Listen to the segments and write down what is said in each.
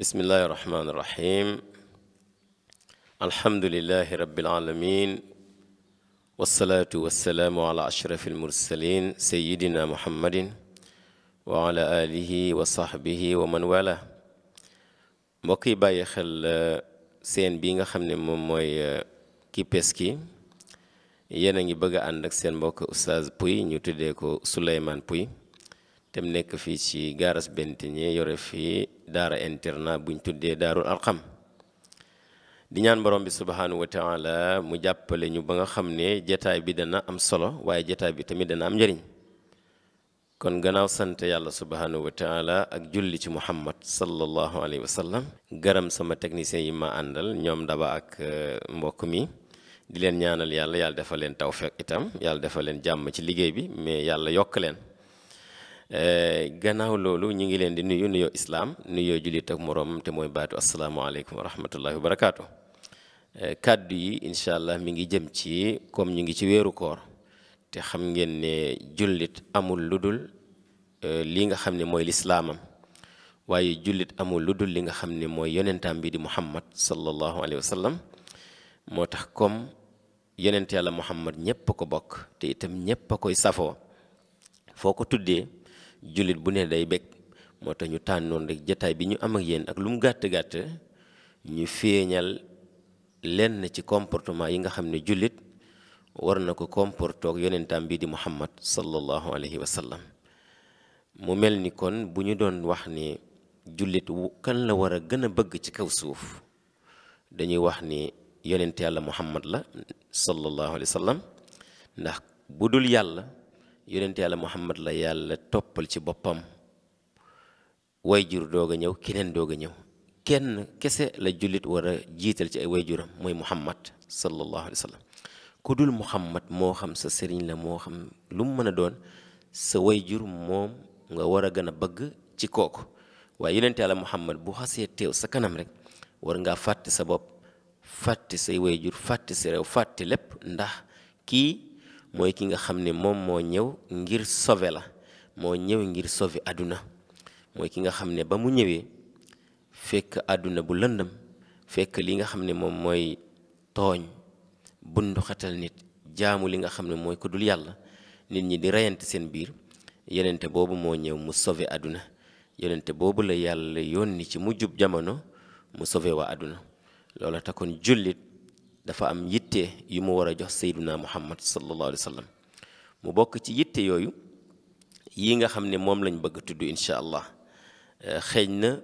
بسم الله الرحمن الرحيم الحمد لله رب العالمين والصلاة والسلام على أشرف المرسلين سيدنا محمد وعلى آله وصحبه ومن والاه مكي باي خل آه، سين بيغا خامني موم آه، كي بيسكي يانا نغي بغا اندك سين بوك استاذ بوي ني تودي كو سليمان بوي تم نيك في شي غارس بنتيني يوري في daara internat buñ tuddee daarul arxam di ñaan borom bi subhaanahu wa taala mu jàppale ñu ba nga xam ne jataay bi dana am solo waaye jataay bi tamit dana am njëriñ kon gannaaw sant yàlla subhaanahu wa taala ak julli ci muhammad sallallahu alayhi wa sallam garam sama technicien yi ma àndal ñoom daba ak euh, mbokk mi di leen ñaanal yàlla yàlla defal leen tawfeex itam yàlla defal leen jàmm ci liggéey bi mais yàlla yokk leen Eh, gannaaw loolu ñu ngi leen di nuyu nuyoo islaam nuyoo jullit ak moroom te mooy baatu asalaamaaleykum wa rahmatullahi wa barakaatu. Eh, kàddu yi incha allah mi ngi jëm ci comme ñu ngi ci weeru koor te xam ngeen ne jullit amul lu dul eh, li nga xam ne mooy lislaamam waaye jullit amul lu dul li nga xam ne mooy yonentaam bi di muhammad sallallahu alayhi wa sallam moo tax comme yonent yàlla muhammad ñépp a ko bokk te itam ñépp a koy safoo foo ko tuddee jullit bu ne day bég moo tax ñu tànnoon rek jataay bi ñu am ak yéen ak lu mu gàtt gàtt ñu feeñal lenn ci comportement yi nga xam ne jullit war na ko comportoog yonentam bi di muhammad sallallahu alayhi wa sallam mu mel ni kon bu ñu doon wax ni jullit kan la war a gën a bëgg ci kaw suuf dañuy wax ni yonent yàlla muhammad la sallallahu alayhi wa ndax bu dul yàlla yonent yàlla muhammad la yàlla toppal ci boppam wayjur doog a ñëw keneen doog a ñëw kenn kese la jullit war a jiital ci ay wayjuram mooy muhammad sallallahu alayhi wa sallam ku dul muhammad moo xam sa sëriñ la moo xam lu mu mën a doon sa wayjur moom nga war a gën a bëgg ci kooku waaye yonent yàlla muhammad bu xasee teew sa kanam rek war ngaa fàtte sa bopp fàtte say wayjur fàtte sa réew fàtte lépp ndax kii mooy ki nga xam ne moom moo ñëw ngir sauvé la moo ñëw ngir sauvé aduna mooy ki nga xam ne ba mu ñëwee fekk aduna bu lëndëm fekk li nga xam ne moom mooy tooñ xatal nit jaamu li nga xam ne mooy dul yàlla nit ñi di reyante seen biir yenente boobu moo ñëw mu sauvé aduna yenente boobu la yàlla yonni ci mu jub jamono mu sauvé waa aduna loola takon jullit dafa am yitte yu mu war a jox sayduna muhammad sallallahu alayhi wa mu bokk ci yitte yooyu yi nga xam ne moom lañ bëgg tudd incha allah eh, xëy na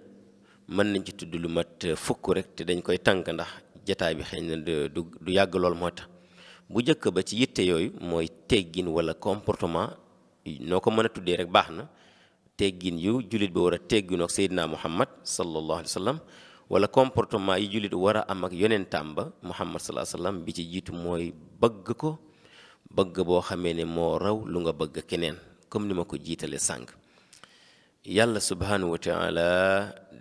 mën nañ ci tudd lu mat eh, fukk rek te dañ koy tànk ndax jataay bi xëy na du du yàgg lool moo tax bu njëkk ba ci yitte yooyu mooy teggin wala comportement noo ko mën a tuddee rek baax na teggin yu jullit bi war a tegginook seydina muhammad sallallahu alayhi wa sallam ولا comportement يجول الورا أما يونين تامبا محمد صلى الله عليه وسلم بيجي جيت موي بغكو بغ بو خامين مو راو لوغا بغ كينين كوم نيما كو جيتال سانغ يالا سبحانه وتعالى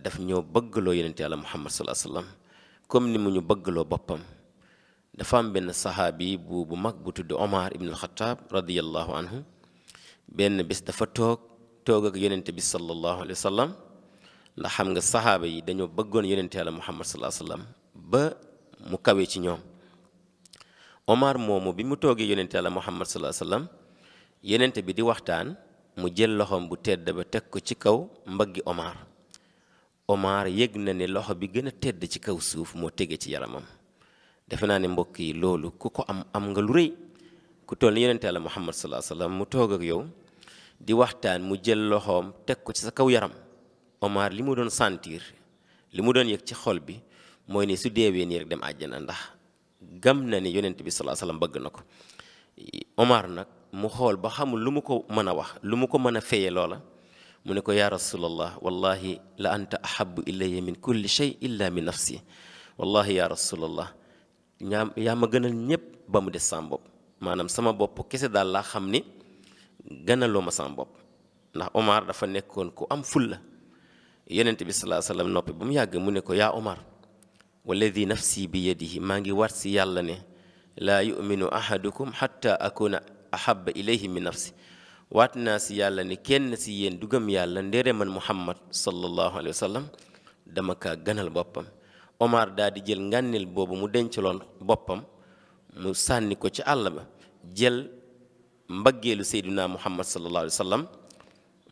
داف نيو بغ لو يونين تالا محمد صلى الله عليه وسلم كوم نيما نيو بغ لو بوبام دا فام بن صحابي بو بو ماك بو تود عمر ابن الخطاب رضي الله عنه بن بس دا فا توك توك يونين تبي صلى الله عليه وسلم ndax xam nga saxaaba yi dañoo bëggoon yonent yàlla muhammad salaa sallam ba mu kawe ci ñoom omar moomu bi mu toogee yonent yàlla muhammad salaa sallam yonent bi di waxtaan mu jël loxoom bu tedd ba teg ko ci kaw mbaggi omar omar yëg na ne loxo bi gën a tedd ci kaw suuf moo tege ci yaramam defe naa ne mbokk yi loolu ku nga lu rëy ku toll ni yonent yàlla muhammad salaa sallam mu toog ak yow di waxtaan mu jël loxoom teg ko ci sa kaw yaram Omar limu don sentir limu don yek ci xol bi moy ni su deewee ni rek dem aljana ndax gam na ni yonent bi sallallahu alayhi wasallam bëgg nako Omar nak mu xol ba xamul lu mu ko mën wax lu mu ko mën feye lola mu ne ko wallahi la anta ahabbu ilayya min kulli shay illa min nafsi wallahi ya rasulullah ñaa yaa ma gënal ñépp ba mu dess sam bop manam sama bop kessé dal la xam ni sam bop ndax Omar dafa nekkon ku am fulla yonent bi salaa sallam noppi ba mu yàgg mu ne ko yaa Omar walladi nafsi bi yadihi maa ngi war si yàlla ne laa yuminu ahadukum xatta akuna ahaba ilayhi min nafsi waat naa si yàlla ne kenn si yéen du gëm yàlla ndere man muhammad sallallahu alayhi wa sallam dama kaa ganal boppam Omar daa di jël ngànneel boobu mu dencaloon boppam mu sànni ko ci àll ba jël mbaggeelu seyduna muhammad sallallahu alayhi wa sallam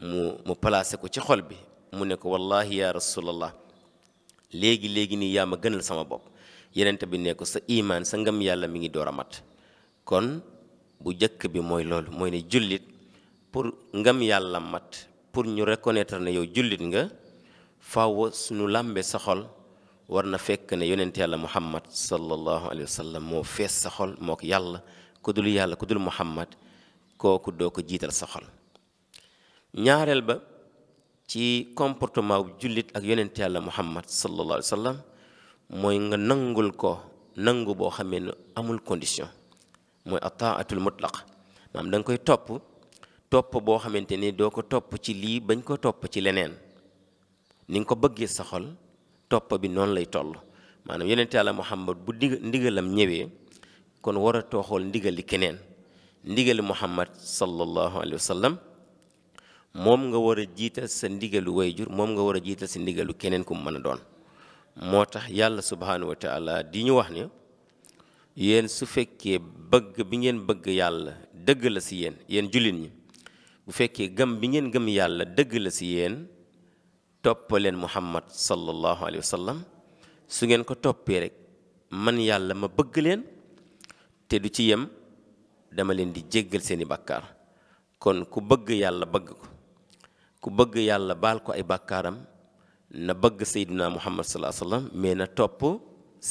mu mu placé ko ci xol bi mu ne ko wallahi ya rasulallah léegi léegi nii yaa ma gënal sama bopp yenent bi ne ko sa imaan sa ngam yàlla mi ngi door a mat kon bu jëkk bi mooy loolu mooy ne jullit pour ngam yàlla mat pour ñu reconnaître ne yow jullit nga faw suñu làmbe sa xol war na fekk ne yonent yàlla muhammad sallallahu alayhi wa sallam moo fees sa xol moo ko yàlla ku dul yàlla ku dul muhammad kooku doo ko jiital sa xol ñaareel ba ci comportement bu jullit ak yonent yàlla muhammad sallallahu alayhi wa sallam mooy nga nangul ko nangu boo xamee ne amul condition mooy ataatul atul maanaam da danga koy topp topp boo xamante ni doo ko topp ci lii bañ ko topp ci leneen ni nga ko bëggee sa xol topp bi noonu lay toll maanaam yonent yàlla muhammad bu dig ndigalam ñëwee kon war a tooxool ndigali keneen ndigali muhammad sallallahu alayhi wa sallam moom nga war a jiital sa ndigalu wayjur moom nga war a jiital sa ndigalu keneen ku mu mën a doon moo tax yàlla subhaanahu wa taala di ñu wax ni yéen su fekkee bëgg bi ngeen bëgg yàlla dëgg la si yéen yéen jullit ñi bu fekkee gëm bi ngeen gëm yàlla dëgg la si yéen toppaleen muhammad sallallahu alayhi wa sallam su ngeen ko toppee rek man yàlla ma bëgg leen te du ci yem dama leen di jéggal seeni bàkkaar kon ku bëgg yàlla bëgg ko ku bëgg yàlla baal ko ay bàkkaaram na bëgg sayduna muhammad salaa sallam mais na topp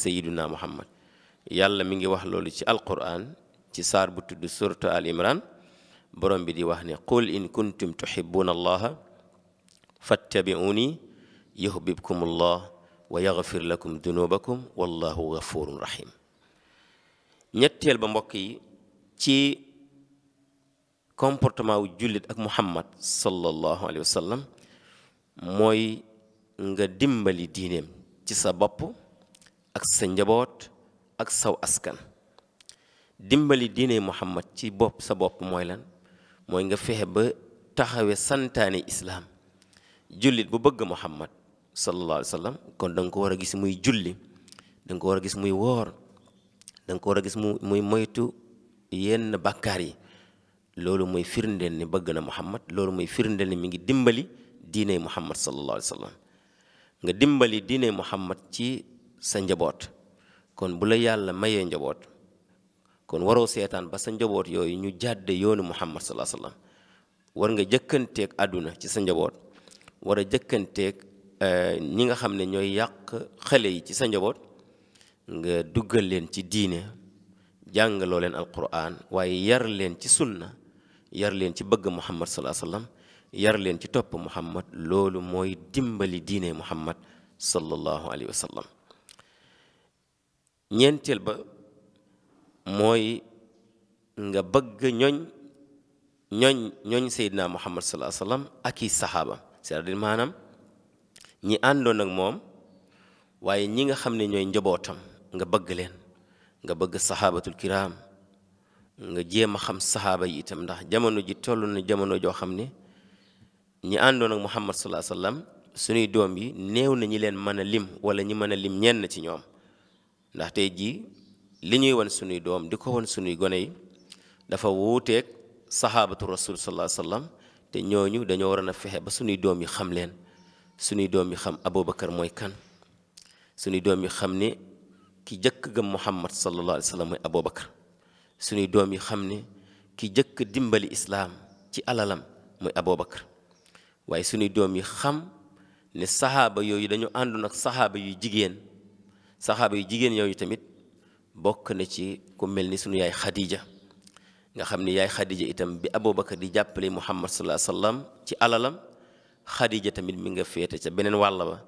sayduna muhammad yàlla mi ngi wax loolu ci alquran ci saar bu tudd surat al imran borom bi di wax ne qul in kuntum tuhibbuna allaha fattabi'uni yuhbibkum allah wa yaghfir lakum dunubakum wallahu ghafurun rahim ñetteel ba mbokk yi ci comportement wu julit ak muhammad sallallahu alaihi wasallam, moy nga dimbali dinem ci sa bop ak sa njabot ak saw askan dimbali dine muhammad ci bop sa bop moy lan moy nga fexe ba taxawé santane islam julit bu bëgg muhammad sallallahu alaihi wasallam, kondang kon dang ko wara gis muy julli dang ko war gis muy wor dang ko wara gis muy moytu yenn loolu mooy firndeel ni bëgg na muhammad loolu mooy firndeel ni mu ngi dimbali diine muhammad sallallahu alayhi wa nga dimbali diiney muhammad ci sa njaboot kon bu la yàlla mayee njaboot kon waroo seetaan ba sa njaboot yooyu ñu jàdde yoonu muhammad sallallahu alayhi wa sallam war nga jëkkanteeg àdduna ci sa njaboot war a jëkkanteeg eh, ñi nga xam ne ñooy yàq xele yi ci sa njaboot nga duggal leen ci diine jàngaloo leen alquran waaye yar leen ci sunna yar leen ci bëgg muhammad salaa sallam yar leen ci topp muhammad loolu mooy dimbali diine muhammad sallallahu la wa ñeenteel ba mooy nga bëgg ñoñ ñoñ ñoñ seydina muhammad salaa sallam ak i saxaabam cest à maanaam ñi àndoon ak moom waaye ñi nga xam ne ñooy njabootam nga bëgg leen nga bëgg saxaabatul kiraam nga jéem a xam saxaaba yi itam ndax jamono ji toll na jamono joo xam ne ñi àndoon ak Muhammad sallallahu alayhi wasallam suñuy doom yi néew na leen mën a lim wala ñi mën a lim ñenn ci ñoom ndax tey jii li ñuy wan suñuy doom di ko wan suñuy gone yi dafa wuuteeg saxaabatu rasul sallallahu alayhi wasallam te ñooñu dañoo waroon a fexe ba suñuy doom yi xam leen suñuy doom yi xam Aboubacar mooy kan suñuy doom yi xam ne ki jëkk gëm Muhammad sallallahu alayhi wasallam mooy Aboubacar suñuy doom yi xam ne ki jëkk dimbali islaam ci alalam mooy Aboubacar waaye suñuy doom yi xam ne saxaaba yooyu dañu ànd ak saxaaba yu jigéen saxaaba yu jigéen yooyu tamit bokk na ci ku mel ni sunu yaay Khadija nga xam ni yaay Khadija itam bi Aboubacar di jàppale Muhammad sallallahu alayhi wasallam ci alalam Khadija tamit mi nga féete ca beneen wàll ba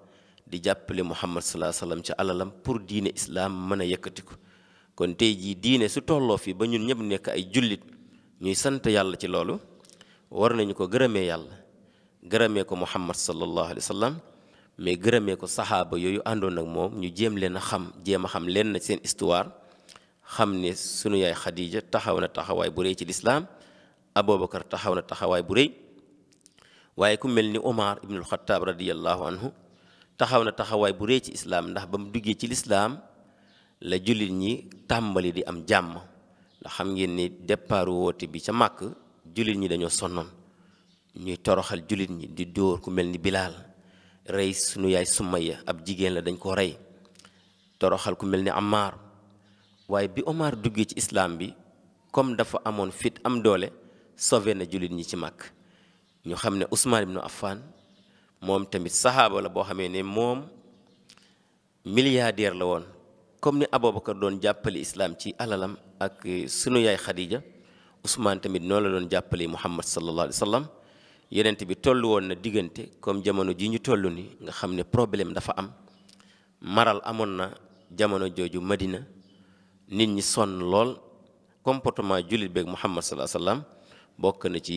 di jàppale Muhammad sallallahu alayhi wasallam ci alalam pour diine islaam mën a yëkkati ko kon tay ji diine su tolloo fi ba ñun ñëpp nekk ay jullit ñuy sant yàlla ci loolu war nañu ko gërëmee yàlla gërëmee ko muhammad sallallahu alayhi wasallam sallam mais gërëmee ko sahaba yooyu àndoon ak moom ñu jéem leen a xam jéem a xam leen na seen histoire xam ne sunu yaay Khadija taxaw na taxawaay bu rëy ci lislaam Aboubacar taxaw na taxawaay bu rëy waaye ku mel ni Omar ibnul Xataab radiyallahu anhu taxaw na taxawaay bu rëy ci islaam ndax ba mu duggee ci lislaam la jullit ñi tàmbali di am jàmm ndax xam ngeen ni départu woote bi ca màkk jullit ñi dañoo sonnoon ñuy toroxal jullit ñi di dóor ku mel ni bilaal rey sunu yaay sumayya ab jigéen la dañ ko rey toroxal ku mel ni amaar waaye bi Omar duggee ci islaam bi comme dafa amoon fit am doole sauvé na jullit ñi ci màkk ñu xam ne Ousmane ibnu Affan moom tamit saxaaba la boo xamee ne moom milliardaire la woon comme ni Aboubacar doon jàppale islaam ci alalam ak sunu yaay Khadija Ousmane tamit noonu la doon jàppale Muhammad sallallahu alayhi wa sallam yenent bi toll woon na diggante comme jamono ji ñu toll ni nga xam ne problème dafa am maral amoon na jamono jooju Madina nit ñi sonn lool comportement jullit beeg Muhammad sallallahu alayhi wa sallam bokk na ci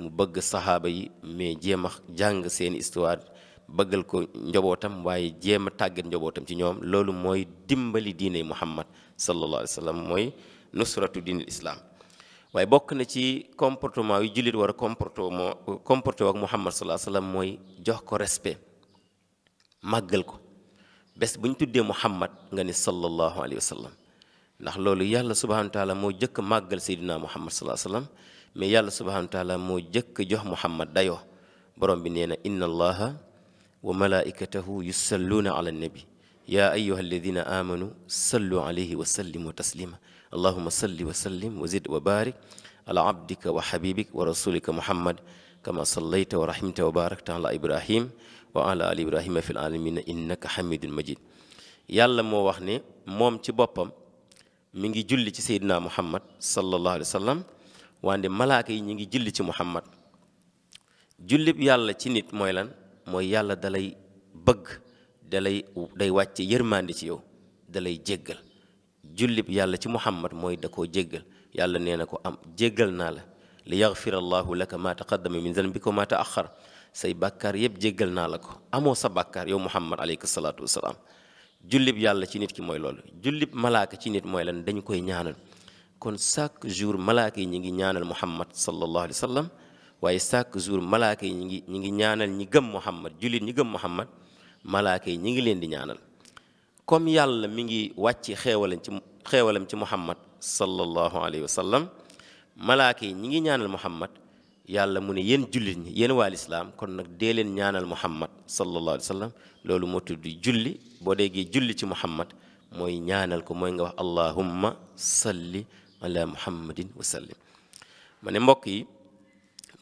mu bëgg saxaaba yi mais jéem a jàng seeni histoire bëggal ko njobootam waaye jéem a tàggat njobootam ci ñoom loolu mooy dimbali diine muhammad sallallahu alayhi wa sallam mooy nusratu diinil islaam waaye bokk na ci comportement yu jullit war a comportement comporté ak muhammad sallallahu alayhi wa sallam mooy jox ko respect màggal ko bés bu ñu tuddee muhammad nga ni sallallahu alayhi wa ndax loolu yàlla subhanahu wa taala moo jëkk màggal seydina muhammad sallallahu alayhi wa sallam mais yàlla subhanahu wa moo jëkk jox muhammad dayoo borom bi nee na inna allaha وملائكته يصلون على النبي يا أيها الذين آمنوا صلوا عليه وسلموا تسليما اللهم صل وسلم وزد وبارك على عبدك وحبيبك ورسولك محمد كما صليت ورحمت وباركت على إبراهيم وعلى آل إبراهيم في العالمين إنك حميد مجيد yàlla مو wax موم moom ci boppam mi ngi julli ci seydina muhammad sallallahu alayhi wa sallam wande malaaka yi ñi ngi julli ci mooy yàlla dalay bëgg dalay day wàcce yermandi ci yow dalay jéggal julib yàlla ci muhammad moy da jéggal yàlla nee ko am jéggal na la li yaghfir allah lak ma taqaddama min zanbika ma ta'akhkhar say bakkar yeb jéggal na la ko amo sa bakkar yow muhammad alayhi salatu wassalam julib yàlla ci nit ki moy loolu julib malaaka ci nit moy lan dañ koy ñaanal kon chaque jour malaaka yi ñi ngi ñaanal muhammad sallallahu alayhi wasallam waaye chaque jour malaaka yi ñi ngi ñaanal ñi gëm Muhammad jullit ñi gëm Muhammad malaaka yi ñi ngi leen di ñaanal comme yàlla mi ngi wàcc xeewalam ci xeewalam ci Muhammad sallallahu alayhi wa sallam malaaka ñi ngi ñaanal Muhammad yàlla mu ne yéen jullit ñi yéen waa lislaam kon nag dee leen ñaanal Muhammad sallallahu alayhi wa sallam loolu moo tudd julli boo déggee julli ci Muhammad mooy ñaanal ko mooy nga wax allahumma salli ala muhammadin wa sallim ma mbokk yi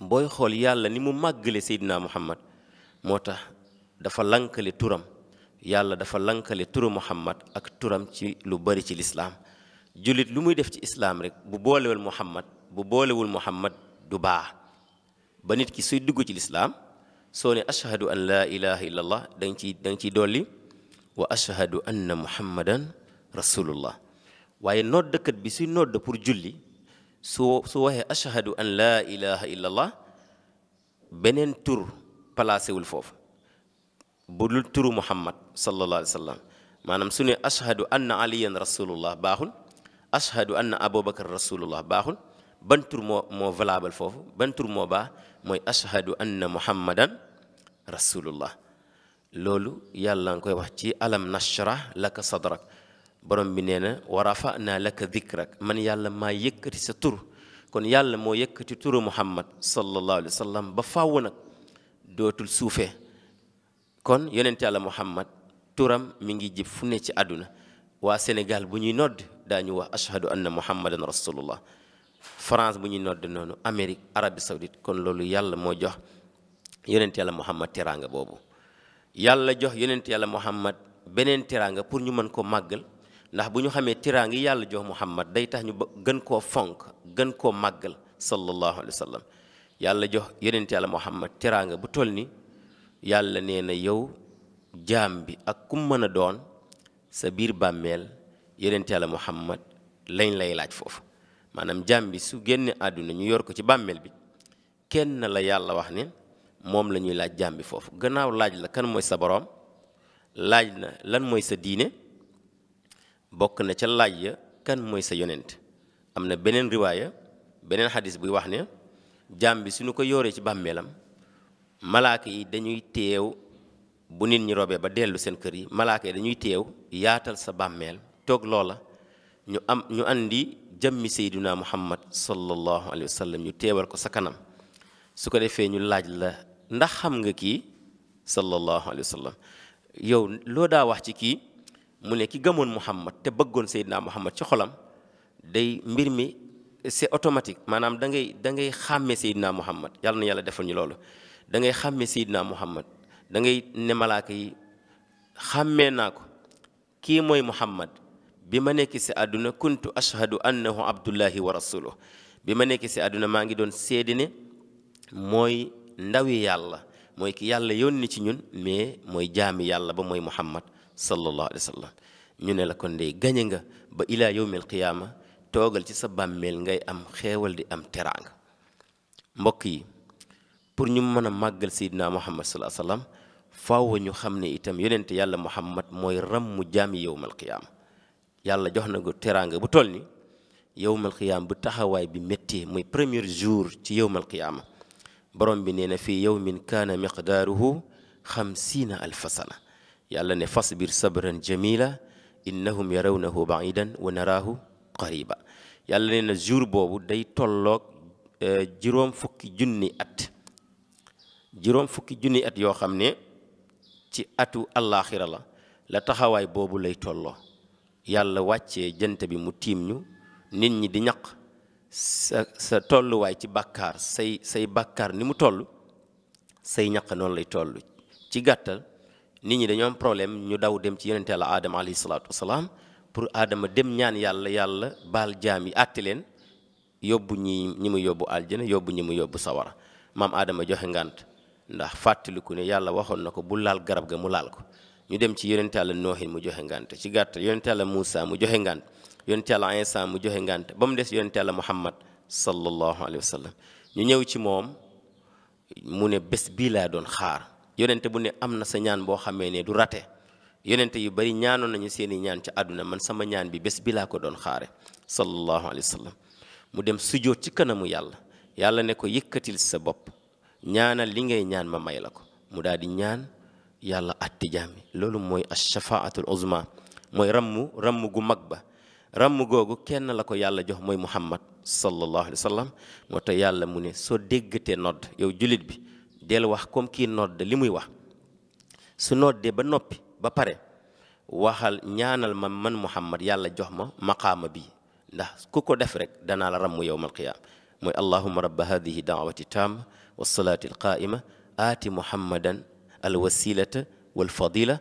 boy xol yàlla ni mu màggale sayyidina Muhammad motax dafa lankale turam yàlla dafa lankale turu Muhammad ak turam ci lu bari ci l'islam julit lu muy def ci islam rek bu bolewul Muhammad bu bolewul Muhammad du ba ba nit ki suy duggu ci l'islam soni ashhadu an la ilaha illallah da nga ciy da nga wa ashhadu anna muhammadan rasulullah waaye noddkat bi suy nodd pour julli su waxee ashhadu an laa ilaha illallah beneen tur placé wul foofu bu dul turu muhammad sallallahu alayhi wa sallam maanaam su ne ashhadu anna aliyan rasulullah baaxul ashhadu anna abubakar rasulullah baaxul ban tur moo moo valable foofu ban tur moo baax mooy ashhadu anna muhammadan rasulullah loolu yàlla nga koy wax ci alam nashrah laka sadrak borom bi nee wa rafa'na laka dikrak man yàlla maa yëkkati sa tur kon yàlla moo yëkkati turu muhammad sallallahu alayhi wa sallam ba fàww nag dootul suufee kon yonent yàlla muhammad turam mi ngi jib fu ne ci àdduna waa Sénégal bu ñuy nodd daañu wax ashhadu anna muhammadan rasulullah France bu ñuy nodd noonu Amérique Arabie Saoudite kon loolu yàlla moo jox yonent yàlla muhammad teraanga boobu yàlla jox yonent yàlla muhammad beneen teraanga pour ñu mën ko màggal ndax bu ñu xamee tiraa ngi yàlla jox muhammad day tax ñu gën koo fonk gën koo màggal sallallahu alayhi wa sallam yàlla jox yonent yàlla muhammad tiraanga bu toll ni yàlla nee na yow jaam bi ak kum mën a doon sa biir bàmmeel yonent yàlla muhammad lañ lay laaj foofu maanaam jaam su génne àdduna ñu yor ko ci bàmmeel bi kenn la yàlla wax ne moom la ñuy laaj jaam bi foofu gannaaw laaj la kan mooy sa boroom laaj na lan mooy sa diine bokk na ca laaj ya kan mooy sa yonent am na beneen riwaaya beneen xadis buy wax ne jaam bi suñu ko yooree ci bàmmeelam malaaka yi dañuy teew bu nit ñi robee ba dellu seen kër yi malaaka yi dañuy teew yaatal sa bàmmeel toog loola ñu am ñu andi jëmmi sayduna muhammad sallallahu alayhi wasallam sallam ñu teewal ko sa kanam su ko defee ñu laaj la ndax xam nga kii sallallahu alayhi wasallam, yow loo daa wax ci kii mu ne ki gëmoon Muhammad te bëggoon Seydina Muhammad ci xolam day mbir mi si automatique maanaam da ngay da ngay xàmme Seydina Muhammad yàlla na yàlla defal ñu da ngay xàmme Seydina Muhammad da ngay ne malaaka yi xàmmee naa ko kii mooy Muhammad bi ma nekk si àdduna kuntu ashhadu annahu abdullahi wa rasuluh bi ma nekk si àdduna maa ngi doon seede ne mooy ndawi yàlla mooy ki yàlla yónni ci ñun mais mooy jaami yàlla ba mooy Muhammad صلى الله عليه وسلم ñu ne la kon day gañe nga ba ilaa yawmil qiyaama toogal ci sa bàmmeel ngay am xeewal di am teraanga mbokk yi pour ñu mëna màggal seydina muhammad sallallahu alayhi wasallam faaw ñu xamné itam yonent yàlla muhammad moy ramu mu jaami yawmal yàlla jox na ko teraanga bu toll ni yawmal bu taxawaay bi métti muy premier jour ci yawmal qiyaama borom bi nee na yawmin kaana miqdaaruhu xamsiina alfa sana yàlla ne fas fasbir sabran jamila innahum yarawnahu baidan wa naraahu qariba yàlla ne na jour boobu day tolloog eh, juróom fukki junni at juróom fukki junni at yoo xam ne ci atu allaaxira la la taxawaay boobu lay tolloo yàlla wàcce jant bi mu tiim ñu nit ñi di ñaq sa sa tolluwaay ci bàkkaar say say bàkkaar ni mu toll say ñaq noonu lay toll ci gàttal nit ñi dañoom problème ñu daw dem ci yonente yàlla aadama alayhi salaatu pour aadama dem ñaan yàlla yàlla baal jaam yi àtte leen yóbbu ñi ñi mu yóbbu aljana yóbbu ñi mu yóbbu sawara maam aadama joxe ngànt ndax fàttaliku ne yàlla waxoon na ko bu laal garab ga mu laal ko ñu dem ci yonente yàlla noohin mu joxe ngànt ci gàttal yonente yàlla Muusa mu joxe ngànt yonente yàlla Iisaa mu joxe ngànt ba mu des yonente yàlla Muhammad sallallahu alayhi wa sallam ñu ñëw ci moom mu ne bés bii laa doon xaar yonente bu ne amna sa ñaan bo xamé ne du rate yonente yu bari ñaanon nañu seeni ñaan ci aduna man sama ñaan bi bés bi la ko don xaare sallallahu alayhi wa sallam mu dem sujjo ci kanamu yàlla yàlla ne ko yëkkatil sa bop ñaanal li ngay ñaan ma may la ko mu daal ñaan yàlla atti jaami loolu mooy ashafaatul uzma moy ramu ramu gu magba ramu gogu kenn la ko yàlla jox moy muhammad sallallahu alayhi wa sallam yàlla mu ne so deggete nod yow julit bi del wax comme ki nodd li muy wax su nodde ba nopi ba pare waxal ñaanal ma man muhammad yàlla jox ma maqama bi ndax kuko def rek dana la ram qiyam moy allahumma rabb hadhihi da'wati tam was-salati al-qa'ima ati muhammadan al-wasilata wal-fadila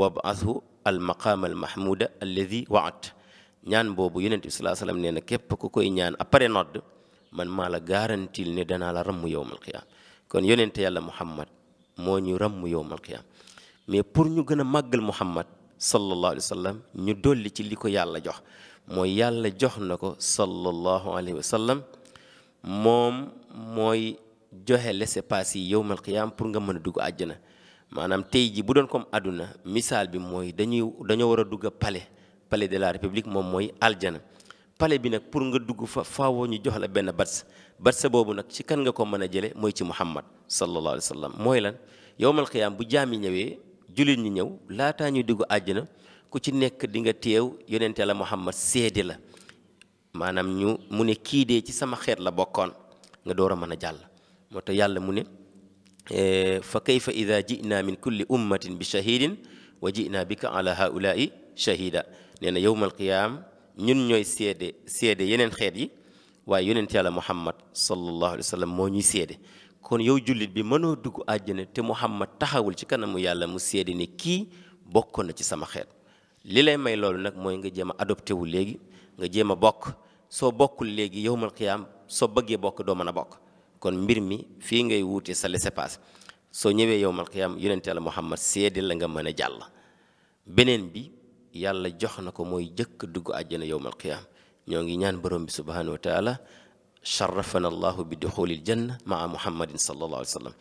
wab'athu al-maqama al-mahmuda alladhi waat ñaan bobu yonent bi salaa sallam nee na képp ku koy ñaan après nodd man mala garantil ne dana la ramm yowm qiyam kon yonente yàlla muhammad moo ñu ràmm yowmal qiyaam mais pour ñu gën a màggal muhammad sallallahu alayhi wa ñu dolli ci li ko yàlla jox mooy yàlla jox na ko sallallahu alayhi wa moom mooy joxe laissez-passer yi yowmal qiyaam pour nga mën a dugg àjjana maanaam tey ji bu doon comme àdduna misaal bi mooy dañuy dañoo war a dugg pale palais de la république moom mooy aljana pale bi nag pour nga dugg fa faawo ñu jox la benn barse barse boobu nag ci kan nga ko mën a jële mooy ci muhammad sallallahu alayhi wasallam sallam mooy lan yowmal qiyaam bu jaami ñëwee julit ñi ñëw laataa ñu dugg àjjana ku ci nekk di nga teew yonente la muhammad seede la maanaam ñu mu ne kii dee ci sama xeet la bokkoon nga door a mën a jàll moo tax yàlla mu ne fa kayfa ida jina min kulli ummatin bi shahidin wa jina bika ala haulaai shahida nee na yowmal qiyaam ñun ñooy seede seede yeneen xeet yi waaye yonent yàlla muhammad sallallahu alayhi wa sallam moo ñuy seede kon yow jullit bi mënoo dugg àjjana te muhammad taxawul ci kanamu yàlla mu seede ni kii bokkoon na ci sama xeet li lay may loolu nag mooy nga jéem a adopté wu léegi nga jéem a bokk soo bokkul léegi yowmal qiyaam soo bëggee bokk doo mën a bokk kon mbir mi fii ngay wuute sa laissez-passer soo ñëwee yowmal qiyaam yonent yàlla muhammad seede la nga mën a jàll yàlla jox na ko mooy jëkk dugg àjjana yowmal qiyaam ñoo ngi ñaan borom bi subhanahu wa taala sharafana allahu bi duxulil janna maa muhammadin sallallahu alayhi wa sallam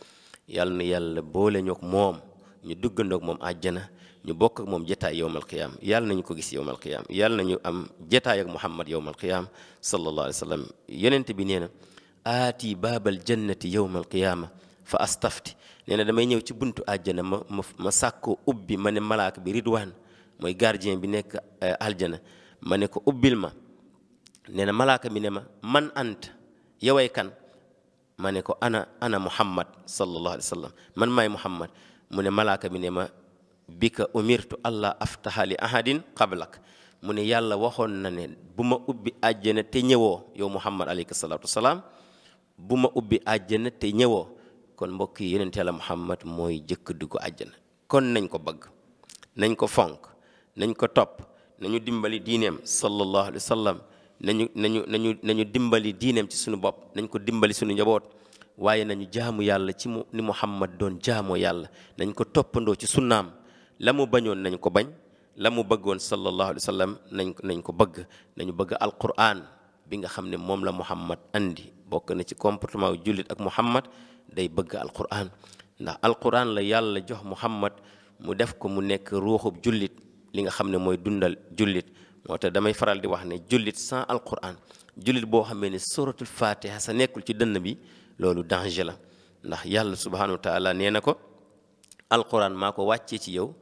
yàlla na yàlla boole ñook moom ñu duggandoog moom àjjana ñu bokk ak moom jataay yowmal qiyaam yàlla nañu ko gis yowmal qiyaam yàlla nañu am jataay ak muhammad yowmal qiyaam sallallahu alayhi wa sallam yonent bi nee na aati baabal jannati yowmal qiyaama fa astafti nee na damay ñëw ci buntu àjjana ma ma ma sàkkoo ubbi ma ne malaaka bi ridwaan mooy gardien bi nekk euh, aljana ma ne ko ubbil ma nee na malaaka mi ne ma man ant yoway kan ma ne ko ana ana muhammad sallallahu alayhi wa sallam man maay muhammad mu ne malaaka mi ne ma bika umirtu allah aftaha li ahadin qablak mu ne yàlla waxoon na ne bu ma ubbi àjjana te ñëwoo yow muhammad alayhi salaatu wasalaam bu ma ubbi àjjana te ñëwoo kon mbokk yi yonent yàlla muhammad mooy jëkk dugg àjjana kon nañ ko bëgg nañ ko fonk nañ ko topp nañu dimbali diineem sallallahu alayhi wa sallam nañu nañu nañu dimbali diineem ci suñu bopp nañ ko dimbali suñu njaboot waaye nañu jaamu yàlla ci mu ni muhammad doon jaamoo yàlla nañ ko toppandoo ci sunnaam la mu bañoon nañ ko bañ la mu bëggoon sallallahu alayhi sallam nañ nañ ko bëgg nañu bëgg alquran bi nga xam ne moom la muhammad andi bokk na ci comportement yu jullit ak muhammad day bëgg alquran ndax alquran la yàlla jox muhammad mu def ko mu nekk ruuxub jullit li nga xamne moy dundal julit moo damay faral di wax ne julit sans alquran julit bo xamee ne suratul fatiha sa nekul ci dënn bi loolu danger la ndax yàlla subhanahu wa taala nee ko alquran mako wacce ci yow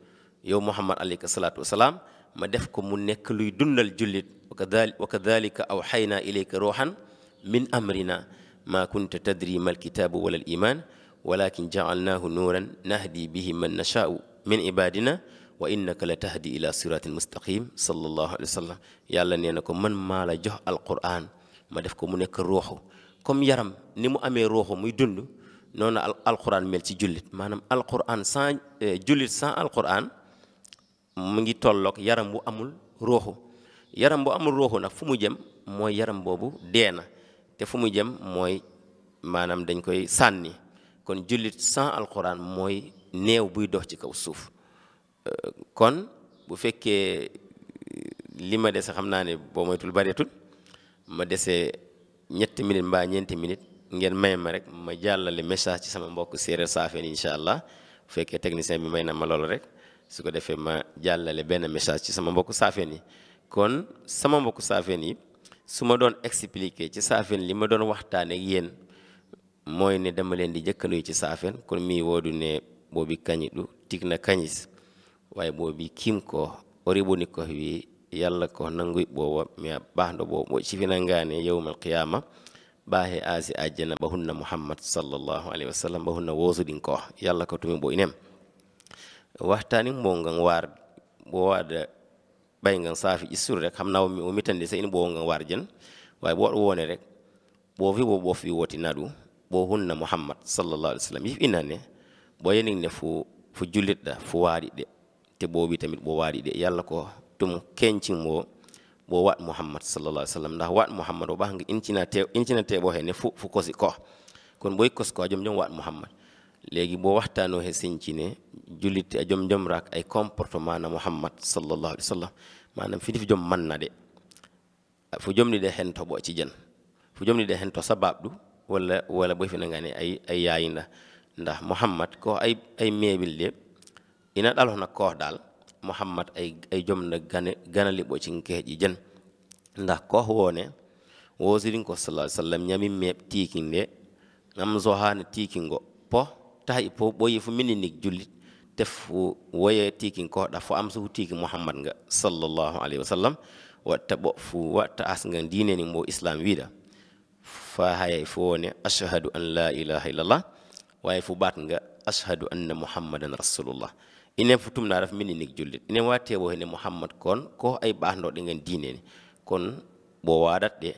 yow muhammad alayka salatu wasalaam ma def ko mu nek luy dundal julit wa kadhalika aw xaynaa ilayka ruhan min amrina ma kunta tadri ma alkitab wala al iman walakin jaalnaahu nuuran nahdi bihi man nashaau min ibadina wa innaka la tahdi ila siratin mustaqim sallallahu alayhi wa sallam yàlla nee na ko man maa la jox alquran ma def ko mu nekk ruuxu comme yaram ni mu amee ruuxu muy dund noonu al alquran mel ci jullit maanaam alquran sans eh, jullit sans alquran mu ngi tollook yaram bu amul ruuxu yaram bu amul ruuxu nag fu mu jëm mooy yaram boobu dee na te fu mu jëm mooy maanaam dañ koy sànni kon jullit sans alquran mooy néew buy dox ci kaw suuf kon bu fekkee li ma dese xam naa ne boo moytul bareetul ma desee ñetti minute mbaa ñeenti minute ngeen may ma rek ma jàllale message ci sama mbokk séeréer saafeen incha allah bu fekkee technicien bi may na ma lool rek su ko defee ma jàllale benn message ci sama mbokk saafeen yi kon sama mbokk saafeen yi su ma doon expliquer ci saafeen li ma doon waxtaan ak yéen mooy ne dama leen di jëkkanuy ci saafeen kon mi woodu ne boobi kañi du tig na kañis way bobi kimko o riboni ko wi yalla ko nangu bowa mi bahdo bo mo sifina ngane yawmal qiyama asi ajjana bahunna muhammad sallallahu alaihi wasallam bahunna wosudin ko yalla ko tumi bo inem wahtani mo ngan war bo safi isur rek xamna o mitande sa in bo ngan war jen way bo woni rek bo fi bo bo fi woti nadu bo hunna muhammad sallallahu alaihi wasallam yif inane bo yening ne fu fu fu wadi te boobi tamit boo waaɗiɗe yalla ko ɗum kencinmo bo waɗ mouhammad sallallah sallam nda waɗ mouhammad o ɓaga incinate incinateɓo hene fu fo kosi ko kon kono boyi kosko joom joom waɗ mouhammad léegi boo waxtaanoo he sincine jullit jom jom raak ay comportement na muhammad sallallahu alaihi wasallam maanaam fi fi jom man na de fu jom ni de hen to ci jan fu jom ni de hen to wala wala boy fi nga ne ay ay yaayinda ndax muhammad ko ay ay meebil de ina ɗal hono kohdal muhammad ay ay jomna gane ganali ɓocin keeƴi jen nda koh wone wosirin ko sallah sallam ñamin meɓ tikin de ngam zohani tikingo po tahi po ɓoyi fo mininik jullit tef woye tikin koɗa fo am suhu tiki muhammad nga sallllahu alayhi wa watta ɓo fu watta asga dineni mbo islam wiɗa fa hayay fo wone ashhadu an la ilaha illallah wawi fo bat nga ashhadu anna muhammadan rasulullah inen fo tumna ref min nik jullit inen wawi tewo hene mouhammad kon ko ay ɓasdo ɗe gan dineni kon bo wadat ɗe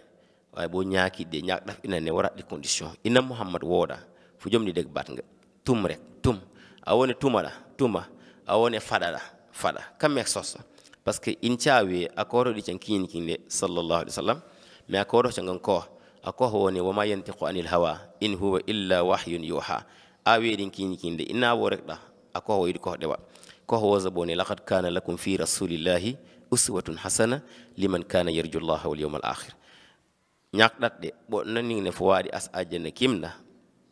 way bo ñakiɗɗe ñakɗaf inane warat ɗe condition inan mouhammad wooda fo jomni deg batga tum rek tum a woni tumaɗa tuma a woni faɗaɗa faɗa kammek sosa par ce que in cawi a koroɗi can kiñinkinde sallllahu alih w sallam mais a koro ca gan koh a koh woni wama yantiku anil hawa in huwa illa wahyun yuha a weɗin kiñinkinde ina wo rek ɗa akowa yiɗi kohɗe wa kohowosa boni lakad kana lakum fi rasulillahi uswatun hasana liman kana yarju llaha wal yawma al akhir ñakɗat ɗe ɓo nanine fo waɗi as ajjana kimna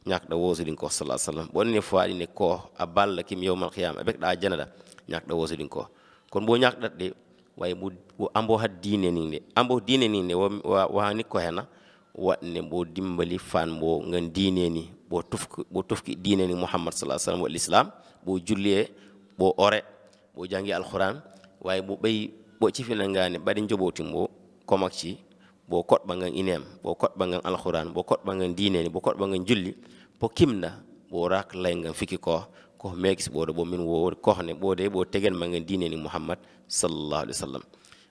ñakɗa wosuɗin ko sala sallam ɓonne fo waɗine ko a balla kim yawmal qiyama ɓekɗa ajjana ɗa ñakɗa wosuɗin ko kono bo ñakɗat ɗe way mo ambo had diine nin nde ambo diine nin nde wani ko hena waɗne mbo dimbali fan mbo ngan diine ni ɓo tufki ɓo ni mouhammad sa sallam boo jullee boo ore boo jàngi alxuraan waaye bo ɓey bo cifinangaane baɗi njoɓotin bo komakci bo koɗɓa ngan ineem bo ba ngan alxuraan bo koɗɓa ngan diineeni bo koɗɓa ngan julli po kimna bo rak lay ngan fiki ko ko meekis ɓoɗo bo min wowori kohne ɓoode bo tegen ma ngan diineeni mouhammad sallallahu alih wa sallam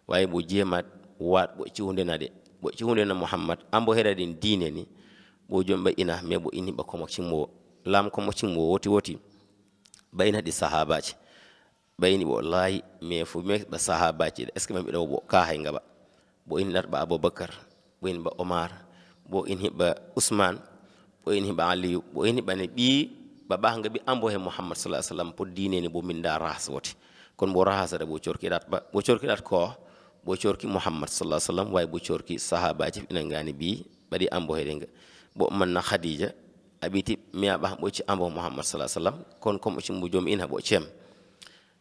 waawi bo jeemat waat ɓo ciwdenade ɓo ciwdena mouhammad ambo heɗa ɗen diine ni ɓo jom ɓa ina mais ɓo ini ba komo cimmowo laam komo cimmowo woti woti bayna di sahabaci bayni wallahi mais fo mekɗa sahabaji ɗe est da que mamiɗo bo ka hay ngaba bo in larɓa aboubacar bo in ba omar bo in hi ba usman bo in hi ba Ali bo in ba ne bi ba nga ɓi ambo he Alaihi Wasallam sallam po ni bo min da ras wote kon bo da bo chorki dat ba bo chorki dat ko bo muhammad sallallahu alaihi wasallam way bo chorki sahabaci ina ngani bi ɓaɗi ambo heɗe nga bo manna khadija abiti miya ba bo ci ambo muhammad sallallahu alaihi wasallam kon kom ci mu jom ina bo cem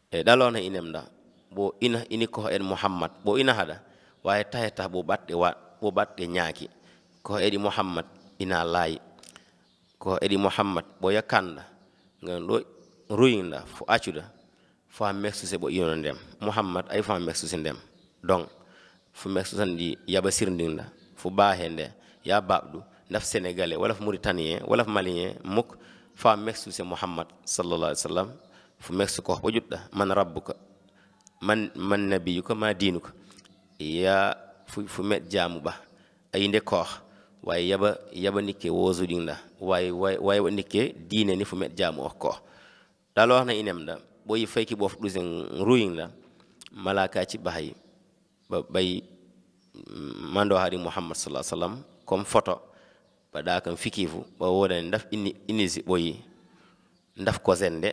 e eh, dalona inem da bo ina ini ko en muhammad bo ina hada waye ta bo batte wa bo batte nyaaki ko edi muhammad ina laayi ko edi muhammad bo yakanda ngan do ruyinda fo accuda fo mexuse bo yono muhammad ay fo se ndem dong, fu mexuse ndi yaba sirndinda fo fu bahende ya babdu لا في السنغال ولا في موريتانيا ولا في مالي موك فا مكسو محمد صلى الله عليه وسلم في مكسو كو وجود من ربك من من نبيك ما دينك يا في في مت جامو با اي ندي كو واي يابا يابا نيكي ووزو دينا واي واي واي نيكي دين ني في مت جامو كو دا لو خنا انم دا بو فايكي بو فدوزين روين لا ملائكه تي باي باي ماندو هادي محمد صلى الله عليه وسلم كوم فوتو baɗa kam fiki fu ɓa wodani daf inisi ɓoyi daf kosen de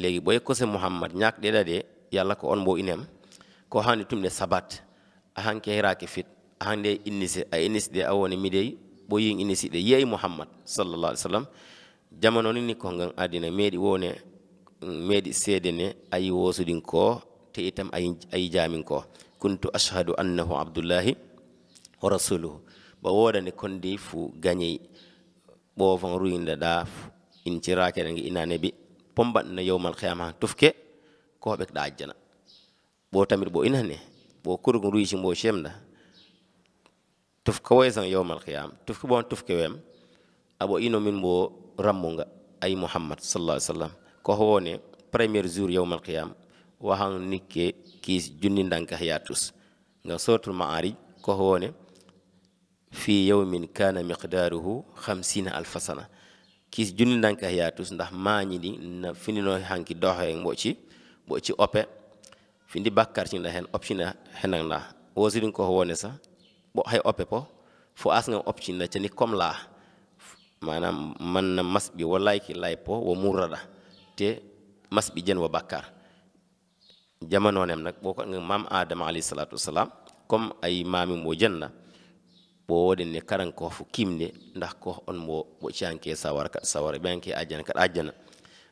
legi ɓoyi kose muhammad ñak ɗeɗa de yalla ko on ɓo inem ko hani tumde sabat ahan ke hiraki fit ahan de inisi a inisi de awoni midey ɓoyi inisi de yeyi muhammad sallallah alih sallam jamano ni ni kongan adina meɗi wone meɗi seede ne ayi wosudin ko te itam ayi jamin ko kuntu ashhadu annahu abdullahi wa rasuluhu ba wodani kondi fu gagnei ɓoofan ruyinda ɗa in cirakeɗe ge inane bi pombanna yowmal xiyama ha tufke koɓe ɗa ajjana ɓo tamit ɓo inane ɓo kurugu ruyicimbo cemda tufka woysan yowmal xiyam tufke ɓon tufke wem aɓo inomin bo rammunga ay mouhammad salalah sallam ko howone premier jour yowmal xiyam wahan nikke kiis junni ndanka heya tus ngam sortul ma arij ko howone fii yawmin kaana miqdaaruhu xamsiina alfa sana kiis junni ndanka hiatus ndax maañi ɗi na finino hanki doxe mboci mboci ope findi bakkar cinɗa hen opcina henan ɗa wosirin ko wone sa ɓo hay ope po fo asgam opcinɗa cani comme la laa manna masɓi wo layki lay po wo murraɗa te masɓi jen wo bakkar jamanonem nak ɓo ko mam adama alayhisalatu wassalam comme ay mami mo jenna woden ne karan ko fu kimde ndax ko on mo bo cianke sawar ka sawar banke ajana ka ajana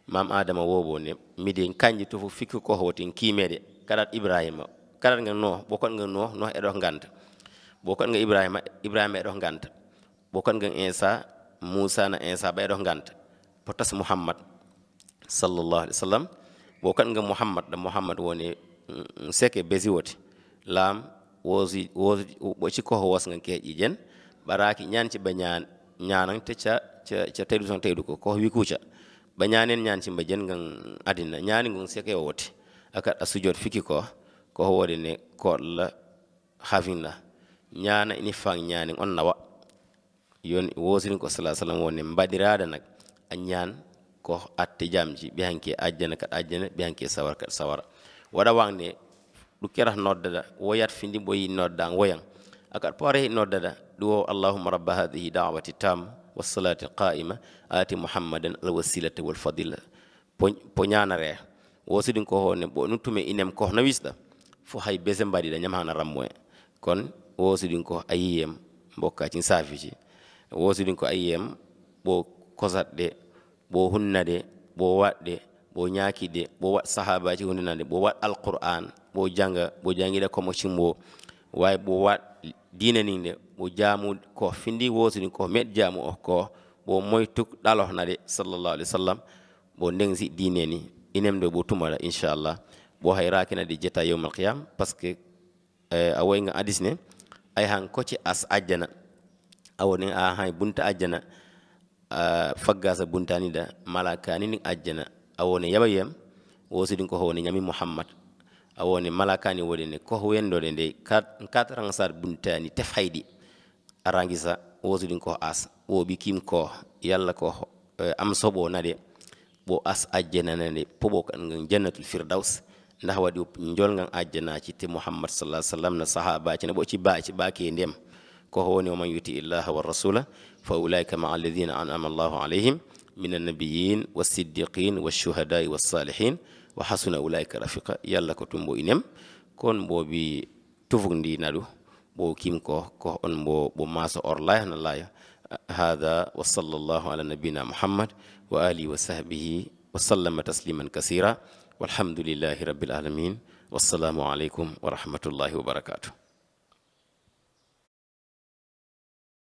mam adama bo ne midi kanji to fu fikku ko hotin kimede karat ibrahima karat nga no kon nga no no edo bo kon nga ibrahima ibrahima edo bo kon nga isa musa na isa be edo nganta potas muhammad sallallahu alaihi wasallam kon nga muhammad da muhammad woni mm, mm, seke bezi woti lam Wozi wozi bo ci ko hoos nga ke ijen baraki nyan ci banyan nyanan te ca ca ca tedu son tedu ko ko wi kuca banyanen nyan ci mbajen nga adina nyani ngun se ke wote aka asujot fiki ko ko wode ne ko la havinna nyana ini fang nyani on nawa yon wozi ko sallallahu alaihi wasallam woni mbadirada nak a nyan ko atti jamji bi hanke ka kat ajjana bi hanke sawar kat sawara wada wangne ɗo kera noddata woyat findi boyi noddan woyan akat poore noddata ɗo o rabba hadihi dawati tam wassalati qaima ati mouhammadan alwasilata walfadila poñanare wo sidin ko hone ɓo ko no wisɗa fo hay bese mbaɗiɗa ñam hana rammo e kono ko ayiyem mbokkacin saafiji wo sidin ko ayiyem ɓo kosatɗe ɓo hunnade ɓo waɗɗe ɓo ñaakiɗe ɓo waɗ sahabaji hundinande ɓo waɗ alqur'an bo janga bo jangida komo cimbo way bo waɗ dina nin de bo jaamu ko findi wosini ko meɗ jaamu o ko bo moytuk ɗalohnade sallllahu alih w sallam ndengsi dine ni inemde bo tumaɗa inchallah bo hay rakinade jetta yawmal qiyam par ce que eh, a woynga ne ay koce as ajjana awoni a bunta ajjana awoni yaɓa yiyam wosidin ko howoni ñami mouhammad awone malakani woɗene koho wendoɗe nde quatre rangsar buntani tef haydi arangisa wosuɗin koho as woɓi kim ko yalla ko e, am soɓo nade ɓo as ajjanana nde poɓo kangan jannatul firdaus ndah waɗi jolgan ajjanaci te mouhammad salah sallam no sahabaci ne ɓoci baci ɓake ndem ko woni oman yuti illaha wa rasula fa ulaika ma alladina an'ama allahu alayhim min annabiyin wasiddiqin washuhadai wassalihin وحسن أولئك رفيقا يلا yalla بو إنم كون kon mbo bi tufugndi naɗu bo kimko كو on بو بو ماسا orlaya na هذا وصلى الله على نبينا محمد وآله وصحبه وسلم تسليما كثيرا والحمد لله رب العالمين والسلام عليكم ورحمة الله وبركاته